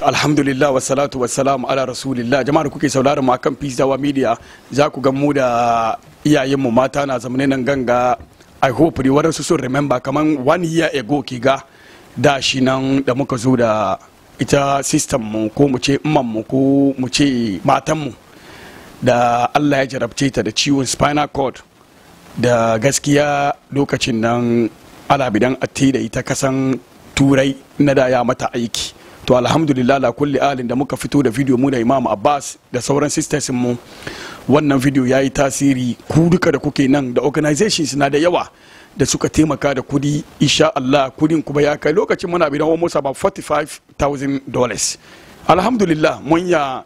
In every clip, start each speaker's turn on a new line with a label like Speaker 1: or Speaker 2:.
Speaker 1: alhamdulillah wa salam ala rasulillah jama'a da kuke sauraron mu akan peace dawa media za ku ga mu da iyayenmu mata na zamanin nan ganga i hope ni wadansu sun remember kaman one year ago ki ga da shi nan da muka zo da ita system mu ko mu ce imman mu ko mu ce matan mu da Allah ya jarabce ta da ciwon spinal cord da gaskiya lokacin nan alabidan atti da ita kasan turai na da ya mata aiki to alhamdulillah la kulli alin da muka fito da video mu da imam abbas da sauran sisters mu wannan video ya yi tasiri ku duka da kuke nan da organizations na da yawa da suka taimaka da kudi insha Allah kudin kuma ya kai lokacin muna bidan almost about 45000 dollars alhamdulillah mun ya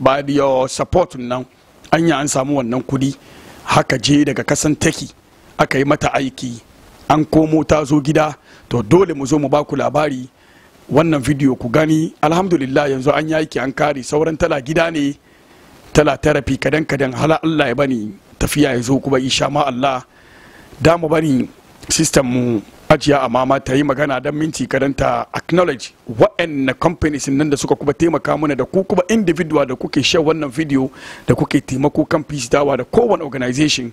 Speaker 1: ba da support nan anya an samu wannan kudi haka je daga kasan taki aka yi mata aiki an komo ta zo gida to dole mu zo mu ba ku labari wannan video ku gani alhamdulillah yanzu an yi aiki an kare sauran tala gida ne tala therapy kadan kadan hala Allah ya bani tafiya ya zo kuma isha ma Allah da mu bani system mu ajiya a mama ta yi magana don minti kadan ta acknowledge waɗanne companies nan da suka kuma taimaka mana da ku kuma individual da kuke share wannan video da kuke taimako kan peace dawa da kowane organization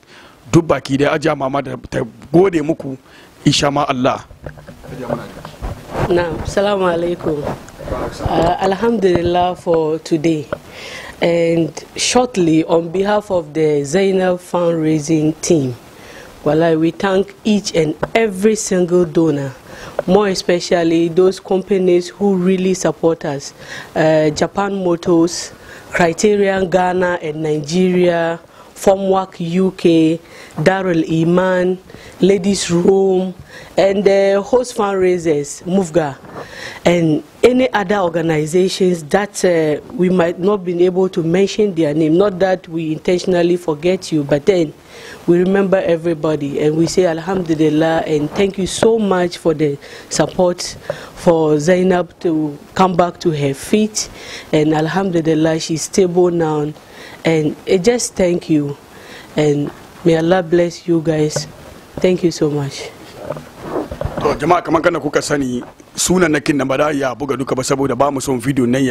Speaker 1: duk baki da ajiya mama da ta gode muku isha ma Allah
Speaker 2: Now, Assalamu alaikum. Uh, alhamdulillah for today. And shortly, on behalf of the Zainab fundraising team, well, we thank each and every single donor, more especially those companies who really support us uh, Japan Motors, Criterion Ghana, and Nigeria Formwork UK, Darul Iman, Ladies Room, and the host fundraisers, MUFGA, and any other organizations that uh, we might not be able to mention their name. Not that we intentionally forget you, but then we remember everybody and we say Alhamdulillah and thank you so much for the support for Zainab to come back to her feet and Alhamdulillah she's stable now and I just thank you and may Allah bless you guys thank you so much
Speaker 1: to jama'a kana kuka sani sunan nakin buga duka ba saboda ba mu son video nan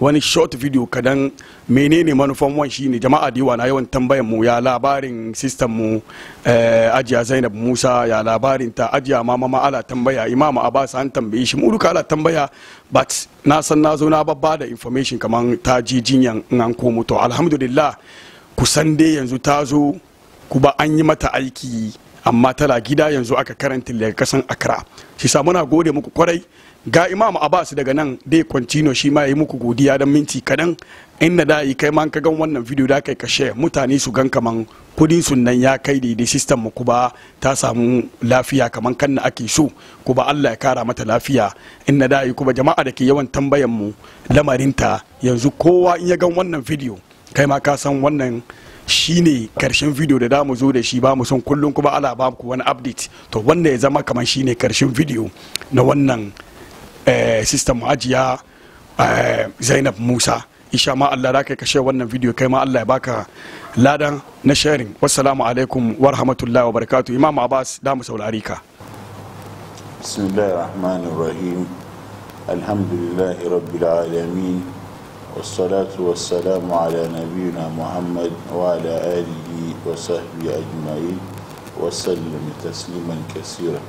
Speaker 1: wani short video kadan menene manufan wan shine jama'a da yawa na yawan tambayan mu ya labarin system mu eh, ajiya Zainab Musa ya labarin ta ajiya ma mama ala tambaya Imam abasa an tambaye shi mu ala tambaya but na san na zo na babba da information kaman ta ji jinyan in an komo to alhamdulillah kusan dai yanzu ta zo kuba an yi mata aiki amma tana gida yanzu aka karanta daga kasan akra shi sa muna gode muku kwarai ga imam abbas daga nan dai kwantino shi ma yi muku godiya don minti kaɗan inda da yi kai ma ka gan wannan video da kai kashe mutane su gan kaman kudin sunan ya kai daidai system mu kuba ta samu lafiya kaman kan na ake so kuba Allah ya kara mata lafiya inda da yi kuba jama'a da ke yawan tambayan mu lamarinta yanzu kowa in ya gan wannan video kai ma ka san wannan shine karshen video da damu zo da shi ba mu son kullum kuma ala ba ku wani update to wanda ya zama kamar shine karshen video na wannan eh, system ajiya eh, zainab musa isha ma allah da ka kashe wannan video kai ma allah ya baka ladan na sharing wassalamu alaikum wa rahmatullahi wa barakatuh imam abbas da mu saurari ka
Speaker 3: bismillahir rahmanir rahim alhamdulillahi rabbil alamin والصلاة والسلام على نبينا محمد وعلى آله وصحبه أجمعين وسلم تسليما كثيرا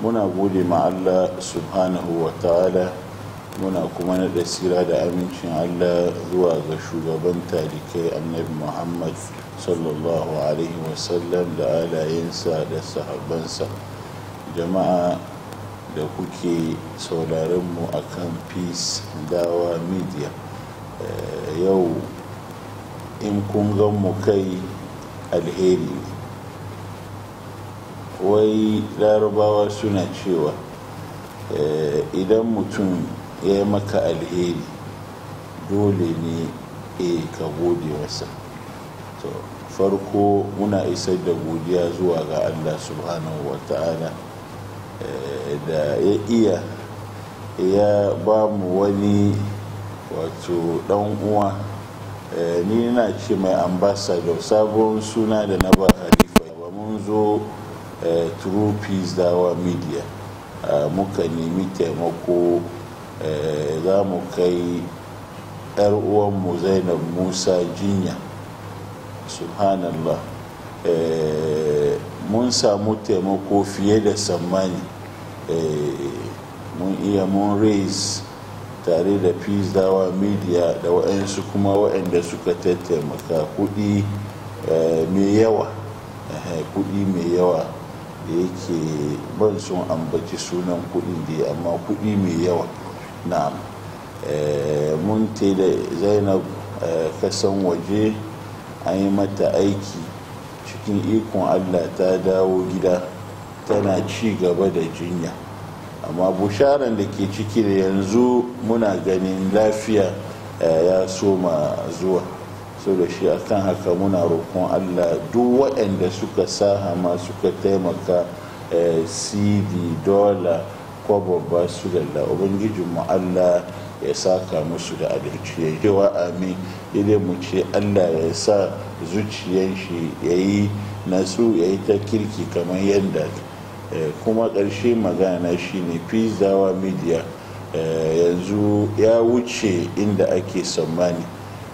Speaker 3: muna gode ma Allah subhanahu wa ta'ala muna kuma naɗa tsira da amincin Allah zuwa ga shugaban talikai annabi Muhammad sallallahu alaihi wasallam da alayensa da sahabbansa jama'a da kuke sauraronmu akan peace dawa media Eh, yau in kun gan mu kai alheri wai larabawa suna cewa eh, idan mutum ya yi maka alheri dole ne e ka gode masa farko muna isar da godiya zuwa ga allah subhanahu wa ta'ala da ya iya ya ba mu wani wato dan uwa eh, ni na ce mai ambassador sabon suna da na ba halifa ba mun zo eh, true peace dawa media ah, muka nemi taimako eh, za mu kai yar uwanmu zainab musa jinya subhanallah mun samu taimako fiye da tsammani mun iya mun raise tare da fizawa media da waɗansu kuma waɗanda suka taimaka kuɗi eh, mai yawa kuɗi mai yawa da yake ban sun ambaci sunan kuɗi da amma kuɗi mai yawa na eh, mun da zainab eh, kasan waje an yi mata aiki cikin ikon allah ta dawo gida tana ci gaba da jinya amma busharan da ke ciki da yanzu muna ganin lafiya eh, ya soma zuwa so da shi akan haka muna roƙon allah duk waɗanda suka ma suka taimaka eh, cd dola ko babba su lalla mu allah ya saka musu da adalci ya wa amin ile mu ce allah ya sa zuciyan shi ya yi nasu ya yi ta kirki kamar yadda Eh, kuma ƙarshe magana shine pizzawa media eh, yanzu ya wuce inda ake tsammani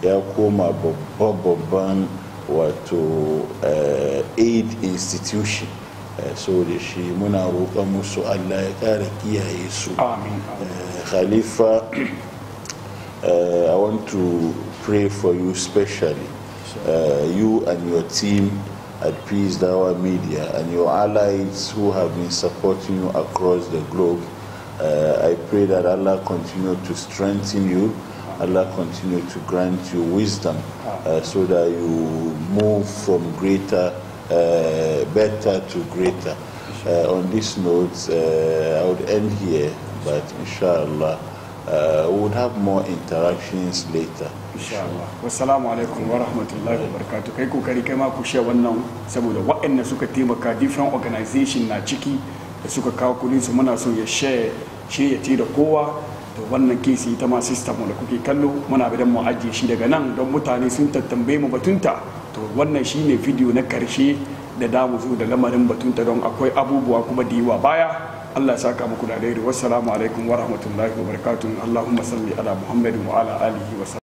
Speaker 3: ya koma babban wato eh, aid institution saboda shi muna roƙon musu allah ya ƙara kiyaye su khalifa i want to pray for you specially you and your team at Peace Dawa Media and your allies who have been supporting you across the globe. Uh, I pray that Allah continue to strengthen you. Allah continue to grant you wisdom uh, so that you move from greater, uh, better to greater. Uh, on this note, uh, I would end here, but inshallah, uh, we would have more interactions later.
Speaker 1: insha alaikum wa rahmatullahi wa barakatuh kai kokari kai ma ku share wannan saboda waɗanda suka taimaka different organization na ciki da suka kawo kudin su muna so ya share shi ya ci da kowa to wannan kesi ita ma system da kuke kallo muna bidan mu ajiye shi daga nan don mutane sun tattambe mu batunta to wannan ne video na karshe da damu zo da lamarin batunta don akwai abubuwa kuma da yiwa baya Allah saka muku da daidai wassalamu alaikum wa rahmatullahi wa barakatuh Allahumma salli ala Muhammadin wa ala alihi wa